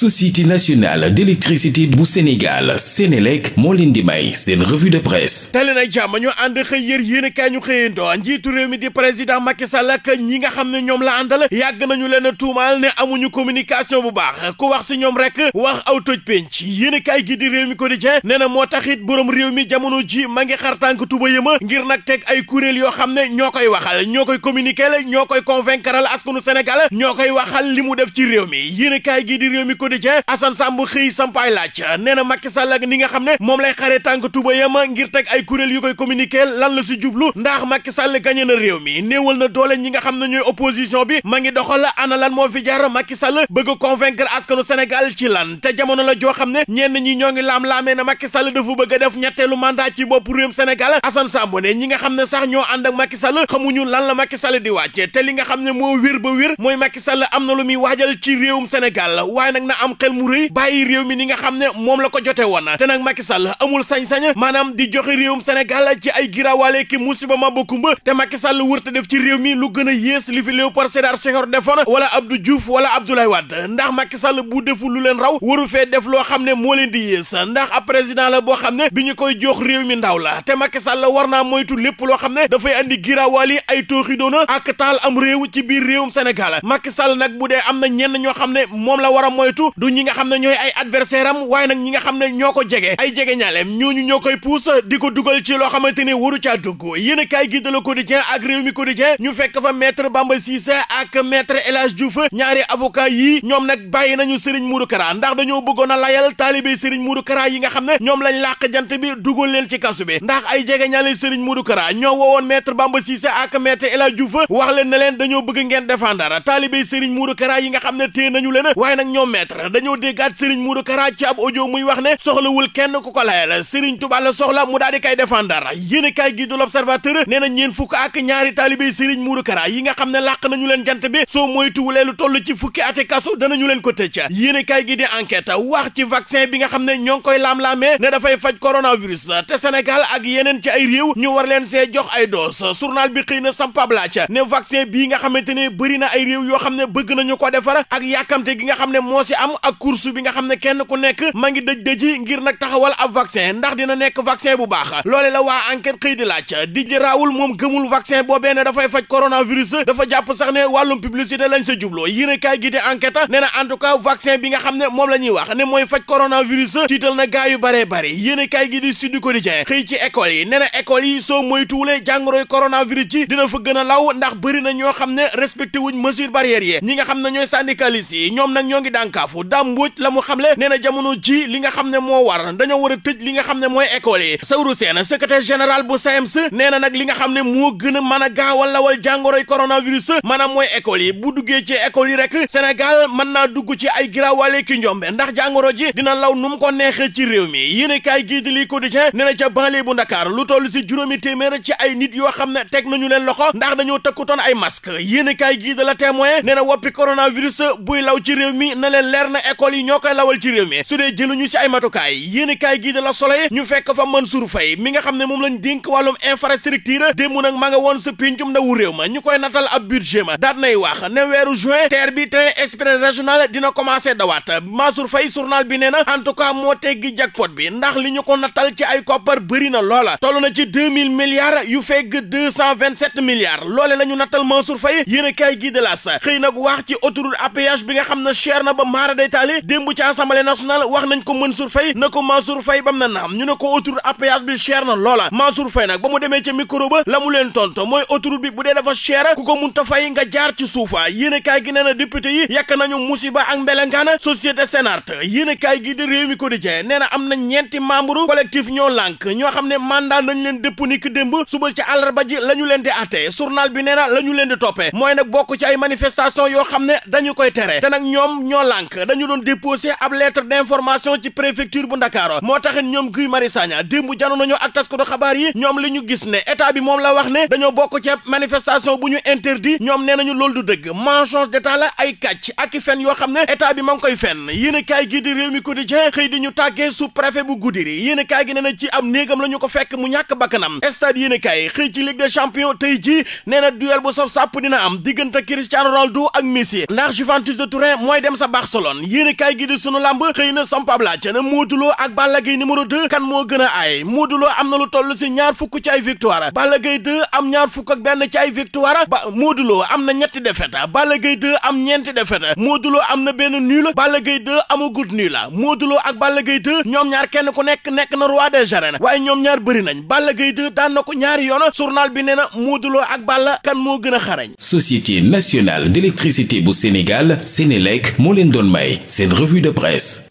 société nationale d'électricité bu Sénégal Sénélec moo leen di jàmm ñu ànd xëy yër yéenekaay ñu xëyandoo njiitu réew mi di président Macky xam ne ñoom la àndal yàgg nañu leen tuumaal ne amuñu communication bu baax ku wax si ñoom rek wax aw toj penc yéenekaay gi di réew mi quotidien nee na moo taxit boroom réew mi jamono ji ma ngi xar tànk tuba yëma ngir nag teg ay kuréel yoo xam ne ñoo koy waxal ñoo koy communiquer la ñoo koy convaincre al askanu Sénégal ñoo koy waxal li mu def ci réew mi yéenekaay gi di réew mi Quotidien Assane Samb xëy sampaay laaj nee na Macky Sall ak ni nga xam ne moom lay xaree tànk tubayam ngir teg ay kuréel yu koy communiquer lan la si jublu ndax Macky Sall gañe na réew mi néewal na doole ñi nga xam ne ñooy opposition bi ma ngi doxal ana lan moo fi jar Macky Sall bëgg convaincre askanu senegal ci lan te jamono la joo xam ne ñeen ñi ñoo ngi laam-laamee na Macky Sall dafa bëgg a def ñetteelu mandat ci bopp réewum Sénégal Assane Samb ne ñi nga xam ne sax ñoo ànd ak Macky Sall xamuñu lan la Macky Sall di wàcce te li nga xam ne moo wér ba wér mooy Macky Sall am na lu muy waajal ci réewum Sénégal waaye nag na am xel mu rëy bàyyi réew mi ni nga xam ne moom la ko jotee woon te nag Macky Sall amul sañsañ sañ maanaam di joxe réewum Sénégal ci ay giraawaale ki musiba ma bokkumba te Macky Sall te def ci réew mi lu gën a yées li fi Léopold Sédar Senghor defoon wala Abdou Diouf wala Abdoulaye Wade ndax Macky Sall bu defu lu leen raw waru fee def loo xam ne moo leen di yées ndax ab président la boo xam ne bi ñu koy jox réew mi ndaw la te Macky Sall war naa moytu lépp loo xam ne dafay andi giraawaal yi ay tooxi doona ak taal am réew ci biir réewum Sénégal Macky Sall nag bu dee am na ñenn ñoo xam ne moom la war a moytu du ñi nga xam ne ñooy ay adversaire am waaye nag ñi nga xam ne ñoo ko jege ay jege ñaaleem ñu ñoo koy puus di ko dugal ci loo xamante ni waru caa dugg yéen a kaay gi de Le Quotidien ak réew mi Quotidien ñu fekk fa maître Bamba Cissé ak metre El Hadj Diouf ñaari avocat yii ñoom nag bàyyi nañu Serigne Modou Kara ndax dañoo bëggoon a layal taalibe Serigne Modou Kara yi nga xam ne ñoom lañ làq jant bi dugal leen ci kasu bi ndax ay jege ñaale Serigne Modou Kara ñoo woowoon maître Bamba Cissé ak maître El Hadj Diouf wax leen ne leen dañoo bëgg ngeen défendre taalibe Serigne Modou Kara yi nga xam ne téye nañu leen waaye nag ñoom leer dañoo déggaat Serigne Modou Kara ci ab audio muy wax ne soxlawul kenn ku ko layal Serigne Touba la soxla mu daal di kay défendre yéen kay gi du l'Observateur yi nga xam ne làq nañu leen jant bi soo moytuwulee lu toll ci fukki ate kasu danañu leen ko tëcc yéen kay gi di enquête wax ci vaccin bi nga xam ne ñoo ngi koy laam-laamee ne dafay faj coronavirus te Sénégal ak yeneen ci ay réew ñu war leen see jox ay dose journal bi xëy na sampablaaca ne vaccin bii nga xamante ne bëri na ay réew yoo xam ne bëgg nañu ko defar ak yàkkamte gi nga xam ne moo si am ak course bi nga xam ne kenn ku nekk ma ngi dëj dëji ngir nag taxawal ab vaccin ndax dina nekk vaccin bu baax loole la waa enquête xëy di laaj di ji raawul moom gëmul vaccin boobee ne dafay faj coronavirus dafa jàpp sax ne wàllum publicité lañ sa jubloo yéen kaay gi di enquête nee na en tout cas vaccin bi nga xam ne moom la ñuy wax ne mooy faj coronavirus tiital na gaa yu baree bari yéen a kaay gi di Sud Quotidien xëy ci école yi nee na école yi soo moytuwulee jàngoroy coronavirus ci dina fa gën a law ndax bëri na ñoo xam ne respecté wuñ mesure barrière yi ñi nga xam ne ñooy syndicalistes yi ñoom nag ñoo ngi dànkaaf foofu Dame Mbodj la xam xamle nee na jamono ji li nga xam ne moo war dañoo war a tëj li nga xam ne mooy école yi Saourou Sène secrétaire général bu SAEMS e nee na nag li nga xam ne moo gën a mën a gaawal lawal jàngoroy coronavirus maanaam mooy école yi bu duggee ci école yi rek Sénégal mën naa dugg ci ay giraawaale ki njombe ndax jàngoro ji dina law nu mu ko neexee ci réew mi yéen a kaay gii di li quotidien nee na ca banlieue bu Dakar lu toll si juróomi téeméer ci ay nit yoo xam ne teg ndax dañoo tëkkutoon ay masque yéen a kaay gii de la témoin nee na woppi law ci réew mi leer na école yi ñoo koy bi train express moo teggi jackpot bi ndax li ñu ko natal ci ay koppar bëri na loola toll na ci deux yu fegg deux loole la nattal Mansour Faye yéen i kaay gii xëy nag wax ci autoroute à bi nga xam ne cher na ba maar mara day taali démb ci assemblée nationale wax nañ ko Mansour Faye na ko Mansour Faye bam na naam ñu ne ko autoroute à péage bi cher na loola Mansour Faye nag ba mu demee ca micro ba lamu leen tonto mooy autoroute bi bu dee dafa cher ku ko mun ta nga jaar ci suufa yéen kaay gi nee na député yi yàq nañu musiba ak mbelengaana société sénate yéen a kaay gi de réew mi quotidien nee na am na ñeenti membre collectif ñoo lànk ñoo xam ne mandat nañ leen dëpp ni ki suba ci àllarba ji la ñu leen di àtte journal bi nee la ñu leen di mooy nag bokk ci ay manifestation yoo xam ne dañu koy tere te ñoom ñoo lànk dañu doon déposé ab lettre d'information ci préfecture bu Ndakaaru moo taxit ñoom Guy Marius Sagna démb jano nañu ak taskatu xabaar yi ñoom li ñu gis ne état bi moom la wax ne dañoo bokk ci manifestation bu ñu interdit ñoom nee nañu loolu du dëgg mensonge d'état la ay kàcc ak i fen yoo xam ne état bi ma ngi koy fen yéen a kaay gi di réew mi quotidien xëy di ñu tàggee sous préfet bu Goudiri yéen a kaay gi nee na ci am néegam la ñu ko fekk mu ñàkk bakkanam stade yéen a kaay xëy ci ligue des champions nee na duel bu saf sàpp am diggante Cristiano Ronaldo ak Messi ndax Juventus Turin mooy dem sa Barcelone yoon yéen kaay gi di sunu lamb xëy na sampab laaj na Modou Lo ak Balla Gaye numéro 2 kan moo gën a aay loo Lo am na lu toll si ñaar fukk ci ay victoire Balla Gaye 2 am ñaar fukk ak benn ci ay victoire ba Modou am na ñetti défaite Balla Gaye am ñeenti défaite Modou Lo am na benn nul Balla Gaye 2 amagut nul Modou Lo ak Balla Gaye ñoom ñaar kenn ku nekk nekk na roi des arènes waaye ñoom ñaar bëri nañ Balla Gaye 2 daan na ko ñaari yoon journal bi nee na Modou ak Balla kan moo gën a xarañ société nationale d'électricité bu Sénégal Sénélec moo leen doon may may seen revue de presse